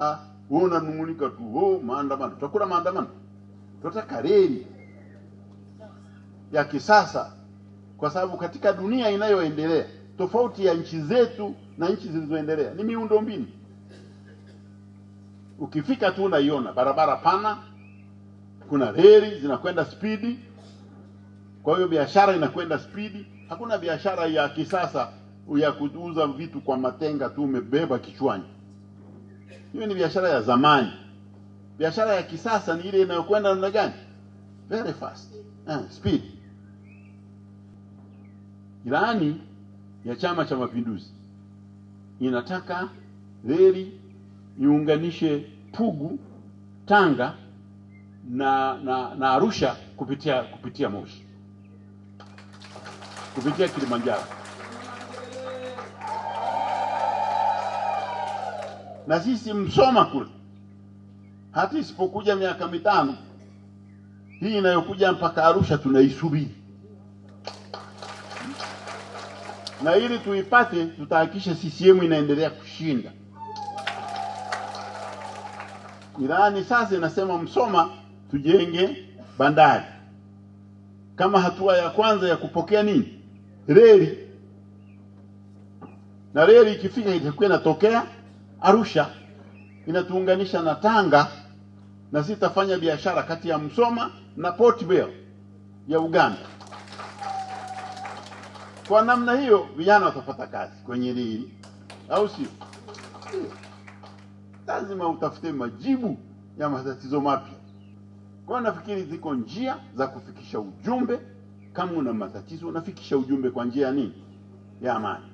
ah, wewe unanung'unika tu oh, maandamano. Tutakula maandamano, tutataka reli ya kisasa, kwa sababu katika dunia inayoendelea tofauti ya nchi zetu na nchi zilizoendelea ni mbinu Ukifika tu unaiona barabara pana, kuna reli zinakwenda spidi, kwa hiyo biashara inakwenda spidi. Hakuna biashara ya kisasa ya kuuza vitu kwa matenga tu umebeba kichwani. Hiyo ni biashara ya zamani. Biashara ya kisasa ni ile inayokwenda namna gani? Very fast. Uh, speed. Ilani ya Chama cha Mapinduzi inataka reli iunganishe Pugu, Tanga na, na, na Arusha kupitia kupitia Moshi, kupitia Kilimanjaro. na sisi Msoma kule, hata isipokuja miaka mitano hii inayokuja mpaka Arusha tunaisubiri, na ili tuipate, tutahakikisha CCM inaendelea kushinda. Ilani sasa inasema Msoma tujenge bandari kama hatua ya kwanza ya kupokea nini, reli, na reli ikifika itakuwa inatokea Arusha inatuunganisha na Tanga na sitafanya biashara kati ya Msoma na Port Bell ya Uganda. Kwa namna hiyo vijana watapata kazi kwenye hili, au sio? Lazima utafute majibu ya matatizo mapya. Kwa nafikiri ziko njia za kufikisha ujumbe. Kama una matatizo, unafikisha ujumbe kwa njia ya nini? Ya amani.